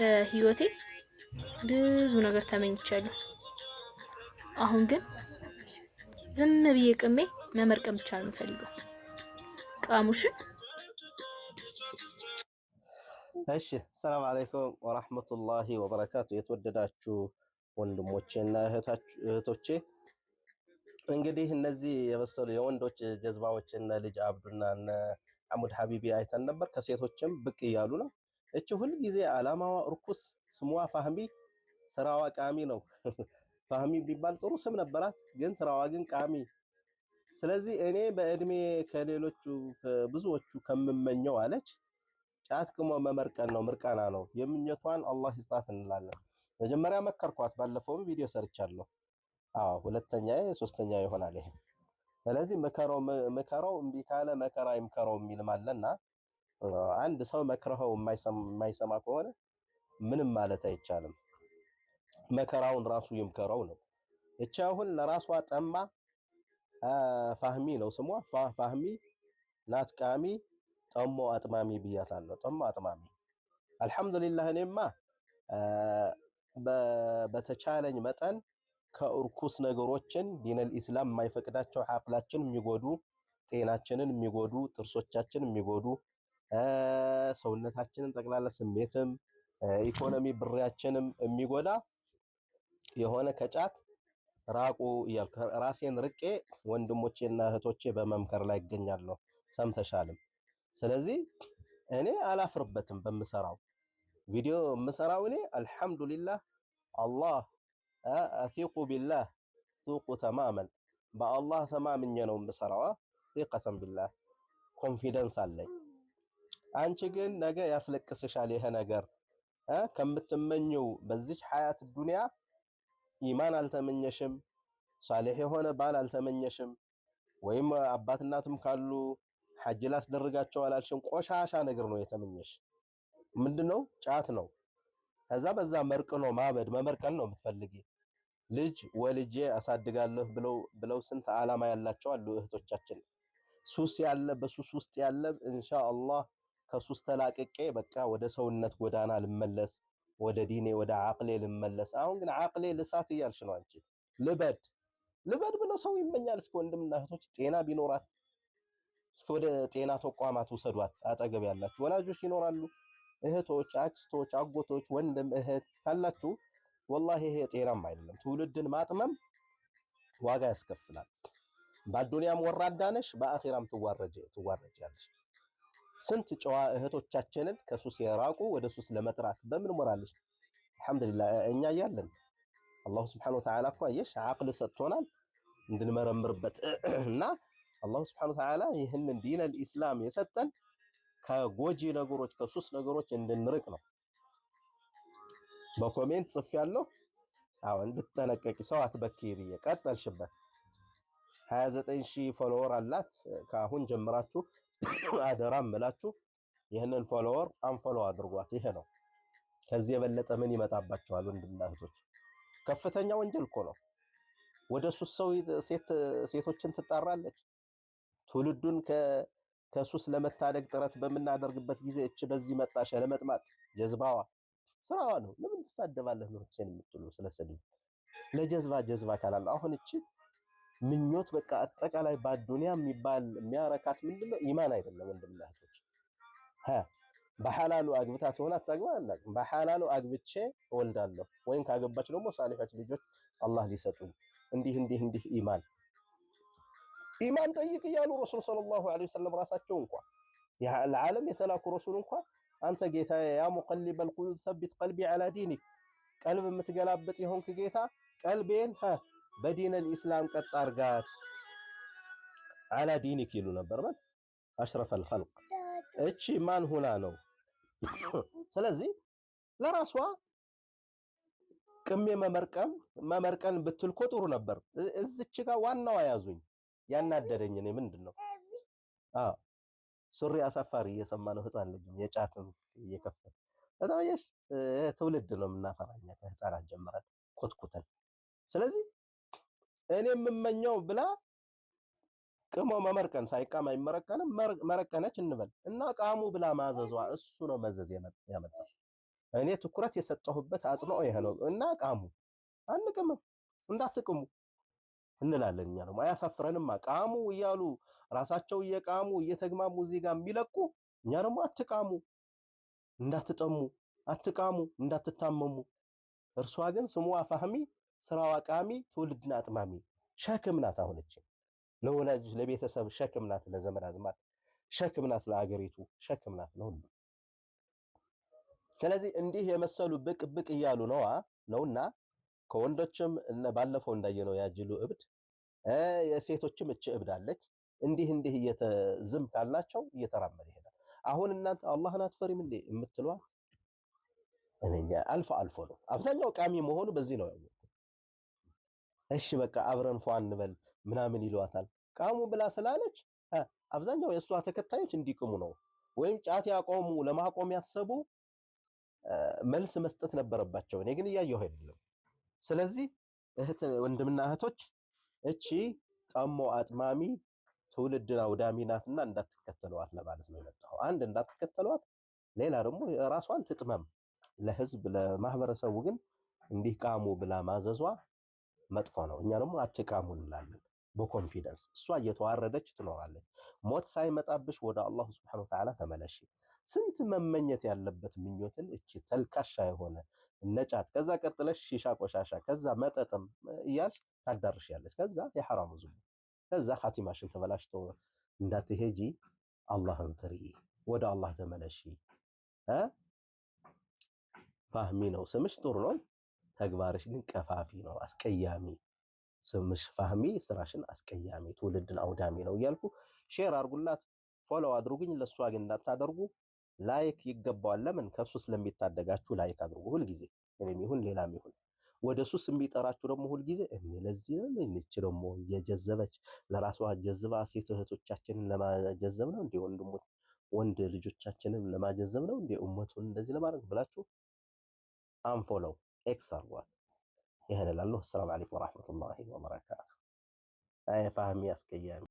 በህይወቴ ብዙ ነገር ተመኝቻለሁ። አሁን ግን ዝም ብዬ ቅሜ መመርቀም ብቻ ነው የምፈልገው። ቃሙሽን። እሺ፣ ሰላም አለይኩም ወራህመቱላሂ ወበረካቱ። የተወደዳችሁ ወንድሞቼና እህቶቼ እንግዲህ እነዚህ የመሰሉ የወንዶች ጀዝባዎች እነ ልጅ አብዱና እነ አሙድ ሀቢቢ አይተን ነበር። ከሴቶችም ብቅ እያሉ ነው። እች ሁልጊዜ አላማዋ እርኩስ፣ ስሟ ፋህሚ፣ ስራዋ ቃሚ ነው። ፋህሚ ቢባል ጥሩ ስም ነበራት፣ ግን ስራዋ ግን ቃሚ። ስለዚህ እኔ በእድሜ ከሌሎቹ ብዙዎቹ ከምመኘው አለች ጫት ቅሞ መመርቀን ነው፣ ምርቃና ነው። የምኞቷን አላህ ይስጣት እንላለን። መጀመሪያ መከርኳት፣ ባለፈውም ቪዲዮ ሰርቻለሁ። አዎ ሁለተኛ ሶስተኛ ይሆናል ይሄ። ስለዚህ መከራው እምቢ ካለ መከራ ይምከረው የሚልም አለና አንድ ሰው መክረኸው የማይሰማ ከሆነ ምንም ማለት አይቻልም። መከራውን ራሱ ይምከረው ነው። እቺ አሁን ለራሷ ጠማ ፋህሚ ነው ስሟ። ፋህሚ ናት ቃሚ ጠሞ አጥማሚ ብያታለሁ። ጠሞ አጥማሚ አልሐምዱሊላህ። እኔማ በተቻለኝ መጠን ከእርኩስ ነገሮችን ዲነል ኢስላም የማይፈቅዳቸው አቅላችን የሚጎዱ ጤናችንን የሚጎዱ ጥርሶቻችን የሚጎዱ ሰውነታችንም ጠቅላላ ስሜትም ኢኮኖሚ ብሬያችንም የሚጎዳ የሆነ ከጫት ራቁ እያልኩ ራሴን ርቄ ወንድሞቼና እህቶቼ በመምከር ላይ ይገኛለሁ። ሰምተሻልም። ስለዚህ እኔ አላፍርበትም በምሰራው ቪዲዮ የምሰራው እኔ አልሐምዱሊላህ አላህ አቲቁ ቢላህ ቱቁ ተማመን በአላህ ተማምኜ ነው የምሰራዋ ቲቀተን ቢላህ ኮንፊደንስ አለኝ። አንቺ ግን ነገ ያስለቅስሻል ይሄ ነገር ከምትመኘው በዚች ሀያት ዱንያ ኢማን አልተመኘሽም፣ ሳሌሕ የሆነ ባል አልተመኘሽም። ወይም አባት እናትም ካሉ ሐጅ ላስደርጋቸው አላልሽም። ቆሻሻ ነገር ነው የተመኘሽ። ምንድነው? ጫት ነው። ከዛ በዛ መርቅ ነው ማበድ መመርቀል ነው የምትፈልጊ። ልጅ ወልጄ አሳድጋለሁ ብለው ብለው ስንት አላማ ያላቸው አሉ እህቶቻችን። ሱስ ያለ በሱስ ውስጥ ያለ ኢንሻአላህ ከሱ ተላቅቄ በቃ ወደ ሰውነት ጎዳና ልመለስ፣ ወደ ዲኔ ወደ አቅሌ ልመለስ። አሁን ግን አቅሌ ልሳት እያልሽ ነው አንቺ። ልበድ ልበድ ብሎ ሰው ይመኛል። እስከ ወንድምና እህቶች ጤና ቢኖራት እስከ ወደ ጤና ተቋማት ውሰዷት። አጠገብ ያላችሁ ወላጆች ይኖራሉ፣ እህቶች፣ አክስቶች፣ አጎቶች፣ ወንድም እህት ካላችሁ ወላሂ ይሄ ጤናም አይደለም። ትውልድን ማጥመም ዋጋ ያስከፍላል። በአዱንያም ወራዳነሽ ነሽ፣ በአኺራም ትዋረጃለሽ። ስንት ጨዋ እህቶቻችንን ከሱስ የራቁ ወደ ሱስ ለመጥራት በምን ሞራለሽ? አልሐምዱሊላህ እኛ እያለን አላሁ ስብሐነሁ ወተዓላ እኮ አየሽ አቅል ሰጥቶናል እንድንመረምርበት እና አላሁ ስብሐነሁ ወተዓላ ይህንን ዲን ኢስላም የሰጠን ከጎጂ ነገሮች ከሱስ ነገሮች እንድንርቅ ነው። በኮሜንት ጽፍ ያለው አዎ እንድትጠነቀቂ ሰው አትበኪ ብዬ ቀጠልሽበት። ሺህ ፎሎወር አላት ከአሁን ጀምራችሁ አደራ እምላችሁ ይህንን ፎሎወር አንፎሎ አድርጓት። ይሄ ነው። ከዚህ የበለጠ ምን ይመጣባቸዋል? ወንድምና እህቶች፣ ከፍተኛ ወንጀል እኮ ነው። ወደ ሱስ ሰው ሴት ሴቶችን ትጣራለች። ትውልዱን ከሱስ ለመታደግ ጥረት በምናደርግበት ጊዜ እች በዚህ መጣሽ ለመጥማጥ ጀዝባዋ ስራዋ ነው። ለምን ትሳደባለህ? ነው የምትሉ ስለሰድብ ለጀዝባ ጀዝባ ካላለ አሁን እቺ ምኞት በቃ አጠቃላይ በአዱንያ የሚባል የሚያረካት ምንድነው? ኢማን አይደለም ወንድምና እህቶች። በሐላሉ አግብታ ትሆን አታግባ አላውቅም። በሐላሉ አግብቼ እወልዳለሁ ወይም ካገባች ደግሞ ሳሊሖች ልጆች አላህ ሊሰጡኝ እንዲህ እንዲህ እንዲህ ኢማን ኢማን ጠይቅ እያሉ ረሱል ሰለላሁ ዐለይሂ ወሰለም ራሳቸው እንኳ ለዓለም የተላኩ ረሱል እንኳ አንተ ጌታ ያ ሙቀሊበ ልቁሉብ ሰቢት ቀልቢ ዐላ ዲኒክ ቀልብ የምትገላበጥ የሆንክ ጌታ ቀልቤን በዲነል ኢስላም ቀጥ አርጋት አላ ዲኒክ ይሉ ነበር። ማለት አሽረፈል ኸልቅ እቺ ማን ሁና ነው? ስለዚህ ለራሷ ቅሜ መመርቀም መመርቀን ብትል እኮ ጥሩ ነበር። እዚች ጋር ዋናዋ ያዙኝ። ያናደደኝ እኔ ምንድን ነው ሱሪ አሳፋሪ እየሰማ ነው ህፃን ልጅ የጫትም እየከፈተ በጣም ትውልድ ነው የምናፈራኛ ከህፃናት ጀምረን ኮትኩተን ስለዚህ እኔ የምመኘው ብላ ቅሞ መመርቀን ሳይቃም አይመረቀንም። መረቀነች እንበል እና ቃሙ ብላ ማዘዟ እሱ ነው መዘዝ ያመጣው። እኔ ትኩረት የሰጠሁበት አጽንኦ ይሄ ነው እና ቃሙ አንቅምም እንዳትቅሙ እንላለን እኛ ደግሞ አያሳፍረንማ። ቃሙ እያሉ ራሳቸው እየቃሙ እየተግማሙ እዚህ ጋር የሚለቁ እኛ ደግሞ አትቃሙ፣ እንዳትጠሙ፣ አትቃሙ፣ እንዳትታመሙ። እርሷ ግን ስሟ ፋህሚ ስራዋ ቃሚ፣ ትውልድን አጥማሚ ሸክም ናት። አሁነች ለወላጅ ለቤተሰብ ሸክም ናት፣ ለዘመድ አዝማድ ሸክም ናት፣ ለአገሪቱ ሸክም ናት ለሁሉ። ስለዚህ እንዲህ የመሰሉ ብቅ ብቅ እያሉ ነዋ ነውና ከወንዶችም ባለፈው እንዳየነው ያጅሉ እብድ የሴቶችም እች እብድ አለች። እንዲህ እንዲህ እየተዝም ካልናቸው እየተራመደ ይሄዳል። አሁን እናንተ አላህን አትፈሪም እንዴ የምትሏት እኔ አልፎ አልፎ ነው። አብዛኛው ቃሚ መሆኑ በዚህ ነው እሺ በቃ አብረን ፏ እንበል ምናምን ይሏታል። ቃሙ ብላ ስላለች አብዛኛው የእሷ ተከታዮች እንዲቅሙ ነው ወይም ጫት ያቆሙ ለማቆም ያሰቡ መልስ መስጠት ነበረባቸው። እኔ ግን እያየሁ አይደለም። ስለዚህ እህት ወንድምና እህቶች እቺ ጠሞ አጥማሚ ትውልድ አውዳሚ ናትና እንዳትከተሏት ለማለት ነው የመጣው። አንድ እንዳትከተሏት፣ ሌላ ደግሞ ራሷን ትጥመም። ለህዝብ ለማህበረሰቡ ግን እንዲህ ቃሙ ብላ ማዘዟ መጥፎ ነው። እኛ ደግሞ አትካሙ እንላለን በኮንፊደንስ እሷ እየተዋረደች ትኖራለች። ሞት ሳይመጣብሽ ወደ አላሁ ስብሐነ ወተዓላ ተመለሽ። ስንት መመኘት ያለበት ምኞትን እቺ ተልካሻ የሆነ ነጫት፣ ከዛ ቀጥለሽ ሺሻ፣ ቆሻሻ፣ ከዛ መጠጥም እያልሽ ታዳርሽ ያለች፣ ከዛ የሐራሙ ዙ፣ ከዛ ኻቲማሽን ተበላሽቶ እንዳትሄጂ አላህን ፍሪ፣ ወደ አላህ ተመለሺ። ፋህሚ ነው ስምሽ፣ ጥሩ ነው። ተግባርሽ ግን ቀፋፊ ነው፣ አስቀያሚ ስምሽ ፋህሚ፣ ስራሽን አስቀያሚ፣ ትውልድን አውዳሚ ነው እያልኩ ሼር አድርጉላት፣ ፎሎ አድርጉኝ። ለእሷ ግን እንዳታደርጉ። ላይክ ይገባዋል። ለምን ከሱ ስለሚታደጋችሁ ላይክ አድርጉ ሁልጊዜ፣ እኔም ይሁን ሌላም ይሁን ወደ ሱስ የሚጠራችሁ ደግሞ ሁልጊዜ እኔ ለዚህ ነው እንቺ ደግሞ እየጀዘበች ለራሷ ጀዝባ ሴት እህቶቻችንን ለማጀዘብ ነው እንዴ ወንድሞች ወንድ ልጆቻችንን ለማጀዘብ ነው እንዴ እመቱን እንደዚህ ለማድረግ ብላችሁ አንፎለው اكسر وات يهلا الله السلام عليكم ورحمه الله وبركاته اي فاهم يا سكيامي